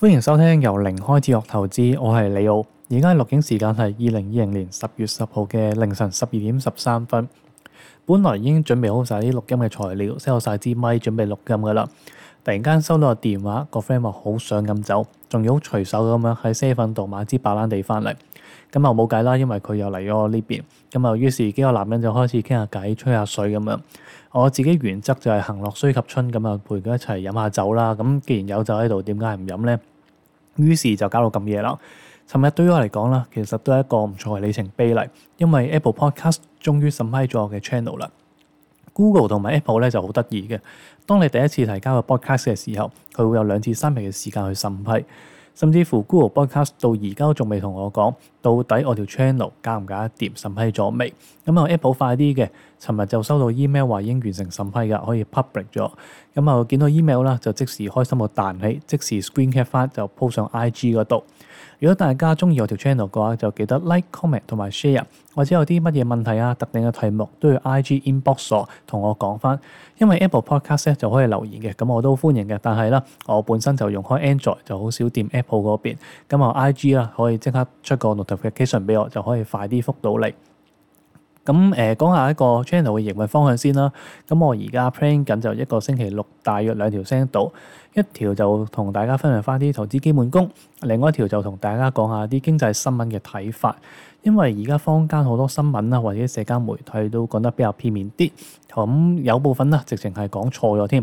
歡迎收聽由零開始學投資，我係李奧。而家錄影時間係二零二零年十月十號嘅凌晨十二點十三分。本來已經準備好晒啲錄音嘅材料，收晒支咪準備錄音㗎喇。突然間收到個電話，個 friend 話好想飲酒，仲要隨手咁樣喺 seven 度買支白蘭地翻嚟。咁啊冇計啦，因為佢又嚟咗我呢邊，咁啊於是幾個男人就開始傾下偈、吹下水咁樣。我自己原則就係行樂須及春，咁啊陪佢一齊飲下酒啦。咁既然有酒喺度，點解唔飲呢？於是就搞到咁夜啦。尋日對於我嚟講啦，其實都係一個唔錯嘅里程碑嚟，因為 Apple Podcast 終於審批咗我嘅 channel 啦。Google 同埋 Apple 咧就好得意嘅，當你第一次提交個 Podcast 嘅時候，佢會有兩至三日嘅時間去審批。甚至乎 Google Podcast 到而家仲未同我講，到底我條 channel 搞唔搞得掂審批咗未？咁啊 Apple 快啲嘅，尋日就收到 email 話已經完成審批㗎，可以 public 咗。咁啊見到 email 啦，就即時開心到彈起，即時 screen cap 翻就 po 上 IG 嗰度。如果大家中意我條 channel 嘅話，就記得 like comment,、comment 同埋 share。或者有啲乜嘢問題啊、特定嘅題目，都要 IG inbox 我，同我講翻。因為 Apple Podcast 咧就可以留言嘅，咁我都歡迎嘅。但係啦，我本身就用開 Android，就好少掂 Apple 嗰邊。咁啊，IG 啦可以即刻出個 notification 俾我，就可以快啲覆到嚟。咁誒、呃、講下一個 channel 嘅營運方向先啦。咁我而家 plan 緊就一個星期六大約兩條聲到，一條就同大家分享翻啲投資基本功，另外一條就同大家講下啲經濟新聞嘅睇法。因為而家坊間好多新聞啊，或者社交媒體都講得比較片面啲，咁有部分呢，直情係講錯咗添。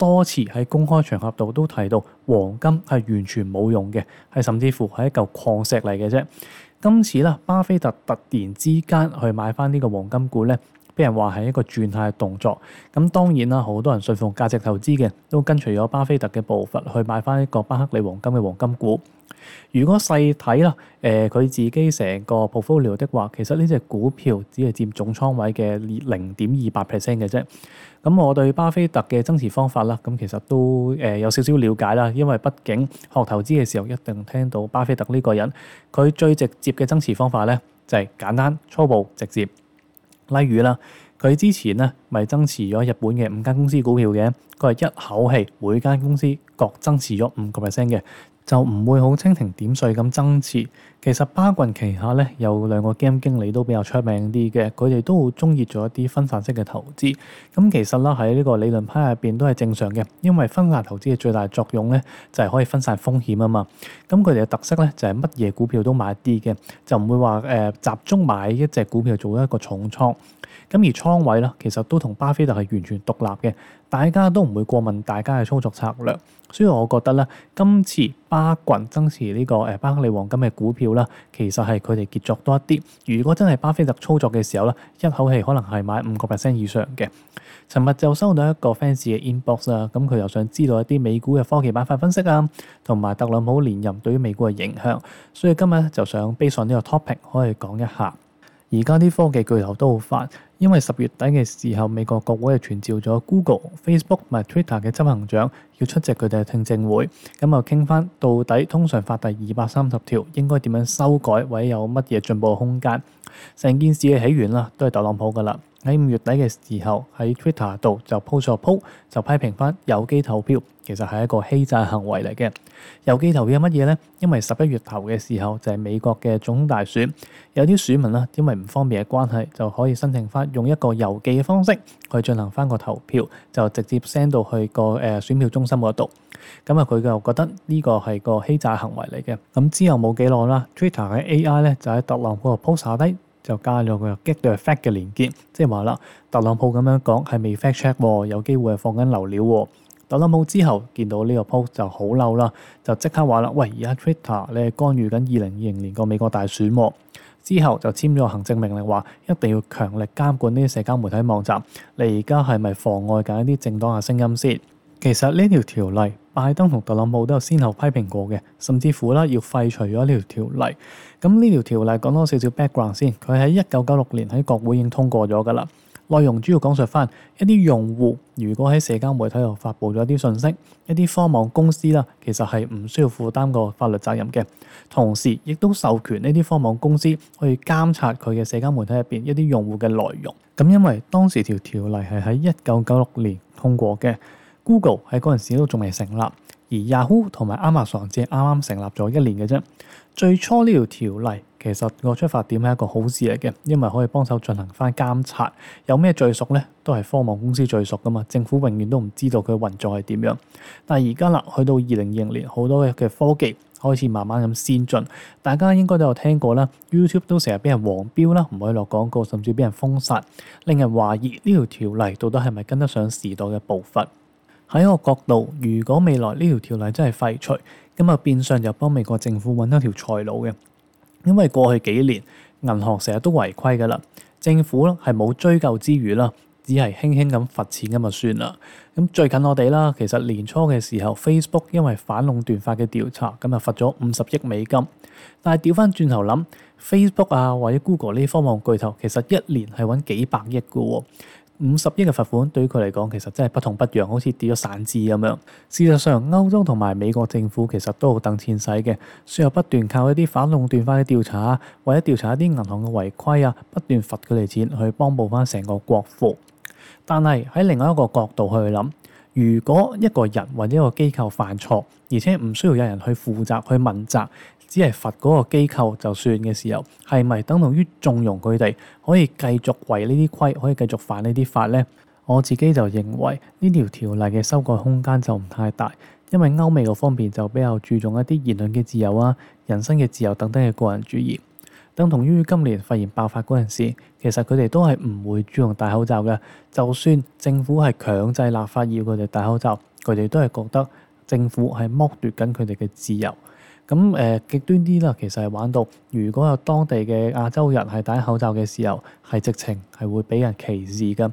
多次喺公開場合度都提到，黃金係完全冇用嘅，係甚至乎係一嚿礦石嚟嘅啫。今次咧，巴菲特突然之間去買翻呢個黃金股咧。啲人話係一個轉態動作，咁當然啦，好多人信奉價值投資嘅，都跟隨咗巴菲特嘅步伐去買返一個巴克利黃金嘅黃金股。如果細睇啦，誒、呃、佢自己成個 portfolio 的話，其實呢隻股票只係佔總倉位嘅零點二八 percent 嘅啫。咁我對巴菲特嘅增持方法啦，咁其實都誒、呃、有少少了解啦，因為畢竟學投資嘅時候一定聽到巴菲特呢個人，佢最直接嘅增持方法咧，就係、是、簡單、粗暴、直接。例如啦，佢之前咧咪增持咗日本嘅五間公司股票嘅，佢係一口氣每間公司各增持咗五個 percent 嘅。就唔會好蜻蜓點水咁增持。其實巴郡旗下咧有兩個基金經理都比較出名啲嘅，佢哋都好中意做一啲分散式嘅投資。咁其實啦喺呢個理論派入邊都係正常嘅，因為分散投資嘅最大作用咧就係、是、可以分散風險啊嘛。咁佢哋嘅特色咧就係乜嘢股票都買啲嘅，就唔會話誒、呃、集中買一隻股票做一個重倉。咁而倉位咧，其實都同巴菲特係完全獨立嘅，大家都唔會過問大家嘅操作策略。所以我覺得咧，今次巴郡增持呢個誒巴克利黃金嘅股票啦，其實係佢哋傑作多一啲。如果真係巴菲特操作嘅時候咧，一口氣可能係買五個 percent 以上嘅。尋日就收到一個 fans 嘅 inbox 啊，咁佢又想知道一啲美股嘅科技板塊分析啊，同埋特朗普連任對於美股嘅影響。所以今日咧就想 base 上呢個 topic 可以講一下。而家啲科技巨頭都好煩，因為十月底嘅時候，美國國會就傳召咗 Google、Facebook 同埋 Twitter 嘅執行長要出席佢哋嘅聽證會，咁啊傾翻到底通常法第二百三十條應該點樣修改，或者有乜嘢進步嘅空間？成件事嘅起源啦，都係特朗普㗎喇。喺五月底嘅時候，喺 Twitter 度就 po 咗 po，就批評翻郵寄投票其實係一個欺詐行為嚟嘅。郵寄投票係乜嘢咧？因為十一月頭嘅時候就係、是、美國嘅總統大選，有啲選民啦，因為唔方便嘅關係，就可以申請翻用一個郵寄嘅方式去進行翻個投票，就直接 send 到去個誒、呃、選票中心嗰度。咁啊，佢就覺得呢個係個欺詐行為嚟嘅。咁之後冇幾耐啦，Twitter 嘅 AI 咧就喺特朗普度 po 晒低。就加咗個 get the fact 嘅連結，即係話啦，特朗普咁樣講係未 fact check 喎，有機會係放緊流料喎。特朗普之後見到呢個 post 就好嬲啦，就即刻話啦，喂，而家 Twitter 咧干預緊二零二零年個美國大選喎。之後就簽咗行政命令，話一定要強力監管呢啲社交媒體網站。你而家係咪妨礙緊一啲政黨嘅聲音先？其實呢條條例，拜登同特朗普都有先後批評過嘅，甚至乎啦要廢除咗呢條條例。咁呢條條例講多少少 background 先，佢喺一九九六年喺國會已經通過咗㗎喇。內容主要講述翻一啲用戶如果喺社交媒體度發布咗啲信息，一啲科網公司啦，其實係唔需要負擔個法律責任嘅。同時亦都授權呢啲科網公司去監察佢嘅社交媒體入邊一啲用戶嘅內容。咁因為當時條條例係喺一九九六年通過嘅。Google 喺嗰陣時都仲未成立，而 Yahoo 同埋 Amazon 只係啱啱成立咗一年嘅啫。最初呢條條例其實個出發點係一個好事嚟嘅，因為可以幫手進行返監察，有咩最熟呢都係科網公司最熟㗎嘛。政府永遠都唔知道佢運作係點樣。但係而家啦，去到二零二零年，好多嘅科技開始慢慢咁先進，大家應該都有聽過啦。YouTube 都成日俾人黃標啦，唔可以落廣告，甚至俾人封殺，令人懷疑呢條條例到底係咪跟得上時代嘅步伐？喺我角度，如果未來呢條條例真係廢除，咁啊變相就幫美國政府揾一條財路嘅，因為過去幾年銀行成日都違規嘅啦，政府咧係冇追究之餘啦，只係輕輕咁罰錢咁啊算啦。咁最近我哋啦，其實年初嘅時候，Facebook 因為反壟斷法嘅調查，咁啊罰咗五十億美金。但係調翻轉頭諗，Facebook 啊或者 Google 呢方網巨頭，其實一年係揾幾百億嘅喎。五十億嘅罰款對於佢嚟講其實真係不痛不癢，好似跌咗散紙咁樣。事實上，歐洲同埋美國政府其實都好等錢使嘅，需要不斷靠一啲反壟斷法嘅調查啊，或者調查一啲銀行嘅違規啊，不斷罰佢哋錢去幫補翻成個國庫。但係喺另外一個角度去諗，如果一個人或者一個機構犯錯，而且唔需要有人去負責去問責。只係罰嗰個機構就算嘅時候，係咪等同於縱容佢哋可以繼續違呢啲規，可以繼續犯呢啲法咧？我自己就認為呢條條例嘅修改空間就唔太大，因為歐美個方面就比較注重一啲言論嘅自由啊、人生嘅自由等等嘅個人主義。等同於今年肺炎爆發嗰陣時，其實佢哋都係唔會注重戴口罩嘅，就算政府係強制立法要佢哋戴口罩，佢哋都係覺得政府係剝奪緊佢哋嘅自由。咁誒、呃、極端啲啦，其實係玩到，如果有當地嘅亞洲人係戴口罩嘅時候，係直情係會俾人歧視㗎。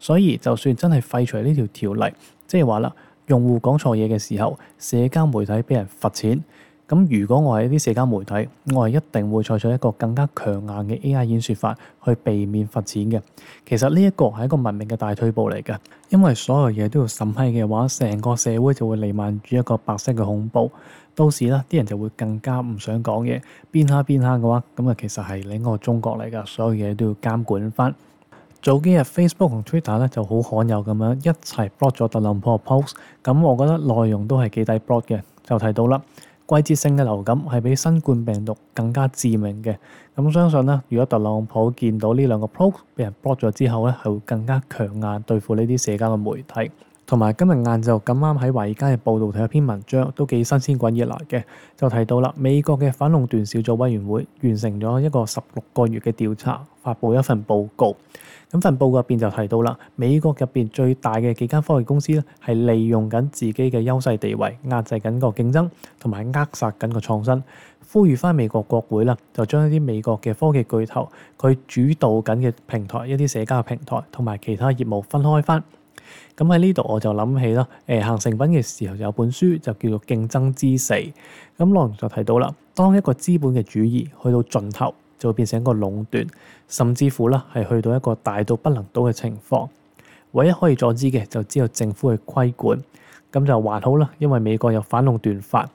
所以就算真係廢除呢條條例，即係話啦，用戶講錯嘢嘅時候，社交媒體俾人罰錢。咁如果我係啲社交媒體，我係一定會採取一個更加強硬嘅 AI 演說法去避免罰錢嘅。其實呢一個係一個文明嘅大退步嚟㗎，因為所有嘢都要審批嘅話，成個社會就會瀰漫住一個白色嘅恐怖。都是啦，啲人就會更加唔想講嘢，邊下邊下嘅話，咁啊其實係另一個中國嚟㗎，所有嘢都要監管翻。早幾日 Facebook 同 Twitter 咧就好罕有咁樣一齊 block 咗特朗普嘅 post，咁我覺得內容都係幾抵 block 嘅。就提到啦，季節性嘅流感係比新冠病毒更加致命嘅。咁相信咧，如果特朗普見到呢兩個 post 被人 block 咗之後咧，係會更加強硬對付呢啲社交嘅媒體。同埋今日晏晝咁啱喺華爾街嘅報道睇一篇文章，都幾新鮮滾熱辣嘅，就提到啦，美國嘅反壟斷小組委員會完成咗一個十六個月嘅調查，發布一份報告。咁份報告入邊就提到啦，美國入邊最大嘅幾間科技公司咧，係利用緊自己嘅優勢地位壓制緊個競爭，同埋扼殺緊個創新。呼籲翻美國國會啦，就將一啲美國嘅科技巨頭佢主導緊嘅平台、一啲社交嘅平台同埋其他業務分開翻。咁喺呢度我就諗起啦，誒、呃、行成品嘅時候就有本書就叫做《競爭之死》。咁內容就提到啦，當一個資本嘅主義去到盡頭，就會變成一個壟斷，甚至乎啦係去到一個大到不能倒嘅情況。唯一可以阻止嘅就只有政府去規管。咁就還好啦，因為美國有反壟斷法。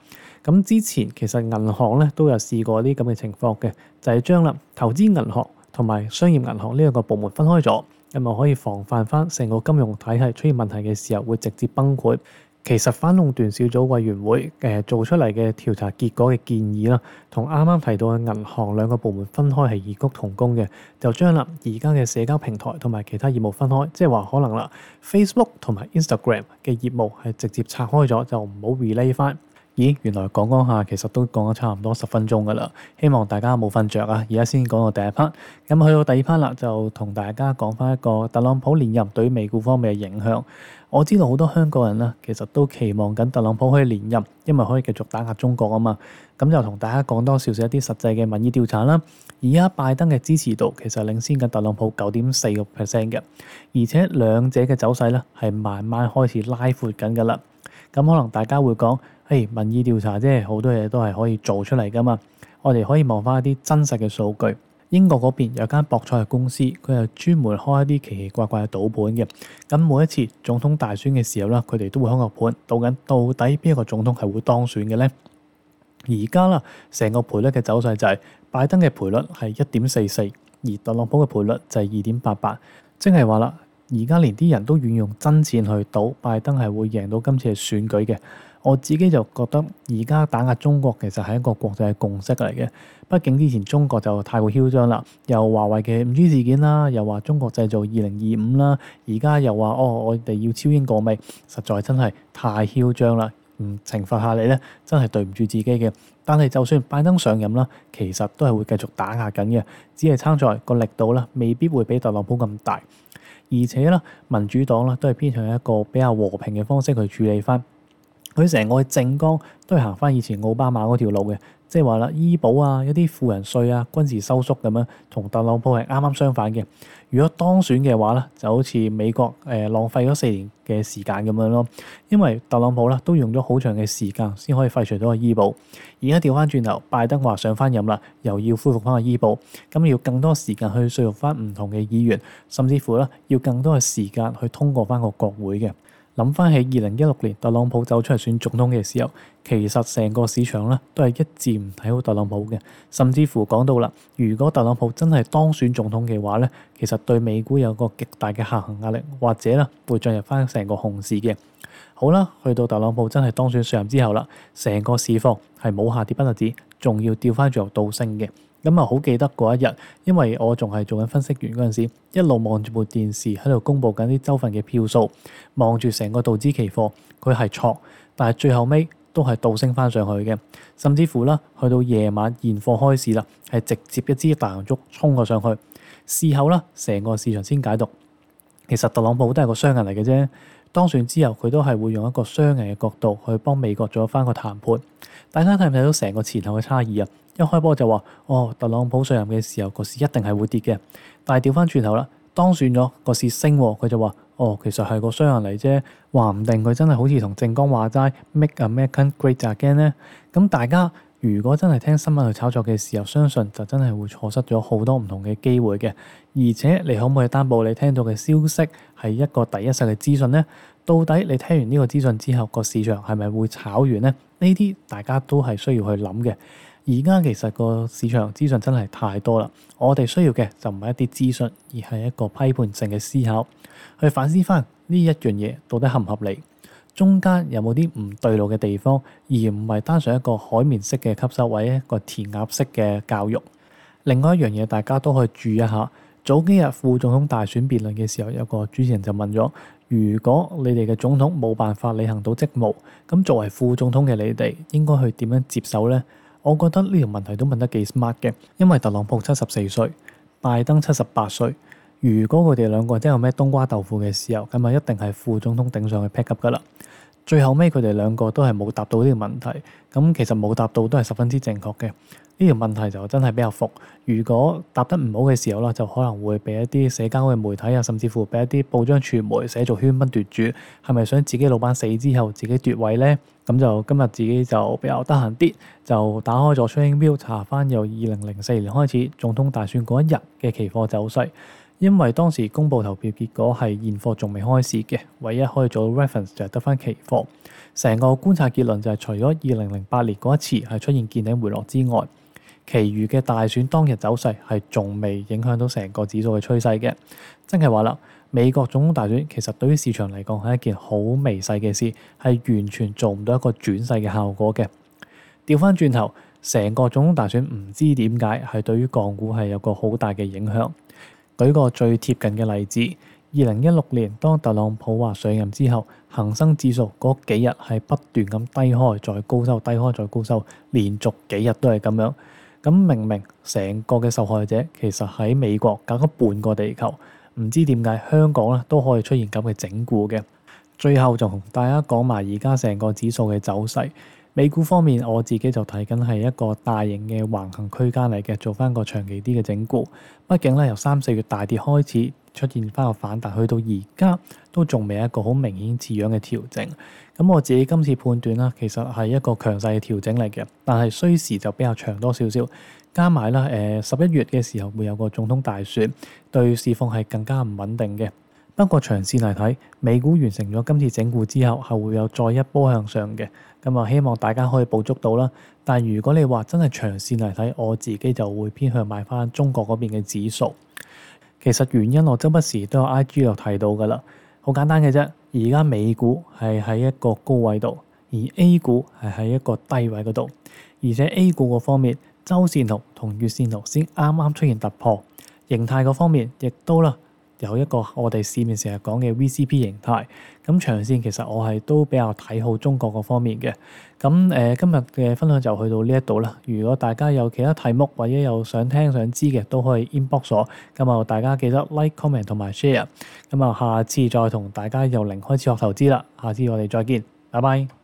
咁之前其實銀行咧都有試過啲咁嘅情況嘅，就係將啦投資銀行同埋商業銀行呢兩個部門分開咗。係咪可以防範翻成個金融體系出現問題嘅時候會直接崩潰？其實反壟斷小組委員會誒、呃、做出嚟嘅調查結果嘅建議啦，同啱啱提到嘅銀行兩個部門分開係異曲同工嘅，就將啦而家嘅社交平台同埋其他業務分開，即係話可能啦，Facebook 同埋 Instagram 嘅業務係直接拆開咗，就唔好 relay 翻。咦，原來講講下，其實都講咗差唔多十分鐘噶啦。希望大家冇瞓着啊！而家先講到第一 part。咁去到第二 part 啦，就同大家講翻一個特朗普連任對於美股方面嘅影響。我知道好多香港人呢，其實都期望緊特朗普可以連任，因為可以繼續打壓中國啊嘛。咁就同大家講多少少一啲實際嘅民意調查啦。而家拜登嘅支持度其實領先緊特朗普九點四個 percent 嘅，而且兩者嘅走勢呢，係慢慢開始拉闊緊噶啦。咁可能大家會講。係、hey, 民意調查，即係好多嘢都係可以做出嚟噶嘛。我哋可以望翻一啲真實嘅數據。英國嗰邊有間博彩公司，佢係專門開一啲奇奇怪怪嘅賭盤嘅。咁每一次總統大選嘅時候咧，佢哋都會開個盤，到緊到底邊一個總統係會當選嘅咧。而家啦，成個賠率嘅走勢就係、是、拜登嘅賠率係一點四四，而特朗普嘅賠率就係二點八八，即係話啦，而家連啲人都願意用真錢去賭拜登係會贏到今次嘅選舉嘅。我自己就覺得而家打壓中國其實係一個國際嘅共識嚟嘅。畢竟之前中國就太過囂張啦，又華為嘅五 G 事件啦，又話中國製造二零二五啦，而家又話哦，我哋要超英過美，實在真係太囂張啦。唔懲罰下你咧，真係對唔住自己嘅。但係就算拜登上任啦，其實都係會繼續打壓緊嘅，只係參賽個力度咧，未必會比特朗普咁大。而且咧，民主黨咧都係偏向一個比較和平嘅方式去處理翻。佢成個去政綱都係行翻以前奧巴馬嗰條路嘅，即係話啦，醫保啊，一啲富人稅啊，軍事收縮咁樣，同特朗普係啱啱相反嘅。如果當選嘅話咧，就好似美國誒、呃、浪費咗四年嘅時間咁樣咯，因為特朗普咧都用咗好長嘅時間先可以廢除到個醫保，而家調翻轉頭，拜登話上翻任啦，又要恢復翻個醫保，咁要更多時間去說服翻唔同嘅議員，甚至乎咧要更多嘅時間去通過翻個國會嘅。諗翻起二零一六年特朗普走出嚟選總統嘅時候，其實成個市場咧都係一致唔睇好特朗普嘅，甚至乎講到啦，如果特朗普真係當選總統嘅話咧，其實對美股有個極大嘅下行壓力，或者咧會進入翻成個熊市嘅。好啦，去到特朗普真係當選上任之後啦，成個市況係冇下跌不特止，仲要調翻轉頭倒升嘅。咁啊，好、嗯、記得嗰一日，因為我仲係做緊分析員嗰陣時，一路望住部電視喺度公佈緊啲州份嘅票數，望住成個道指期貨，佢係挫，但係最後尾都係倒升翻上去嘅，甚至乎啦，去到夜晚現貨開市啦，係直接一支大陽燭衝咗上去。事後啦，成個市場先解讀，其實特朗普都係個商人嚟嘅啫。當選之後，佢都係會用一個商人嘅角度去幫美國做翻個談判。大家睇唔睇到成個前後嘅差異啊？一開波就話：哦，特朗普上任嘅時候，個市一定係會跌嘅。但係調翻轉頭啦，當選咗個市升，佢就話：哦，其實係個商人嚟啫，話唔定佢真係好似同政綱話齋 Make American Great Again 咧。咁大家如果真係聽新聞去炒作嘅時候，相信就真係會錯失咗好多唔同嘅機會嘅。而且你可唔可以擔保你聽到嘅消息係一個第一手嘅資訊咧？到底你聽完呢個資訊之後，個市場係咪會炒完咧？呢啲大家都係需要去諗嘅。而家其實個市場資訊真係太多啦。我哋需要嘅就唔係一啲資訊，而係一個批判性嘅思考，去反思翻呢一樣嘢到底合唔合理，中間有冇啲唔對路嘅地方，而唔係單純一個海綿式嘅吸收位一個填鴨式嘅教育。另外一樣嘢，大家都可以注意一下。早幾日副總統大選辯論嘅時候，有個主持人就問咗：如果你哋嘅總統冇辦法履行到職務，咁作為副總統嘅你哋應該去點樣接手咧？我覺得呢條問題都問得幾 smart 嘅，因為特朗普七十四歲，拜登七十八歲，如果佢哋兩個真有咩冬瓜豆腐嘅時候，咁啊一定係副總統頂上去 pick up 㗎啦。最後尾，佢哋兩個都係冇答到呢條問題，咁其實冇答到都係十分之正確嘅。呢條問題就真係比較複，如果答得唔好嘅時候啦，就可能會畀一啲社交嘅媒體啊，甚至乎畀一啲報章傳媒寫做喧賓奪主，係咪想自己老闆死之後自己奪位咧？咁就今日自己就比較得閒啲，就打開咗 TradingView 查翻由二零零四年開始總統大選嗰一日嘅期貨走勢。因為當時公布投票結果係現貨仲未開始嘅，唯一可以做 reference 就係得翻期貨。成個觀察結論就係，除咗二零零八年嗰一次係出現見頂回落之外，其餘嘅大選當日走勢係仲未影響到成個指數嘅趨勢嘅。真係話啦，美國總統大選其實對於市場嚟講係一件好微細嘅事，係完全做唔到一個轉勢嘅效果嘅。調翻轉頭，成個總統大選唔知點解係對於港股係有個好大嘅影響。舉個最貼近嘅例子，二零一六年當特朗普話上任之後，恒生指數嗰幾日係不斷咁低開，再高收，低開，再高收，連續幾日都係咁樣。咁明明成個嘅受害者其實喺美國，搞咗半個地球，唔知點解香港咧都可以出現咁嘅整固嘅。最後就同大家講埋而家成個指數嘅走勢。美股方面，我自己就睇緊，係一個大型嘅橫行區間嚟嘅，做翻個長期啲嘅整固。畢竟咧，由三四月大跌開始出現翻個反彈，去到而家都仲未一個好明顯似樣嘅調整。咁我自己今次判斷啦，其實，係一個強勢嘅調整嚟嘅，但係需時就比較長多少少。加埋啦，誒十一月嘅時候會有個總統大選，對市況係更加唔穩定嘅。不過長線嚟睇，美股完成咗今次整固之後，係會有再一波向上嘅。咁啊，希望大家可以捕捉到啦。但如果你話真係長線嚟睇，我自己就會偏向買翻中國嗰邊嘅指數。其實原因我周不時都有 I G 有提到噶啦，好簡單嘅啫。而家美股係喺一個高位度，而 A 股係喺一個低位嗰度，而且 A 股嗰方面周線圖同月線圖先啱啱出現突破，形態嗰方面亦都啦。有一個我哋市面成日講嘅 VCP 形態，咁長線其實我係都比較睇好中國嗰方面嘅。咁誒、呃、今日嘅分享就去到呢一度啦。如果大家有其他題目或者有想聽想知嘅，都可以 inbox 我。咁啊大家記得 like、comment 同埋 share。咁啊下次再同大家由零開始學投資啦。下次我哋再見，拜拜。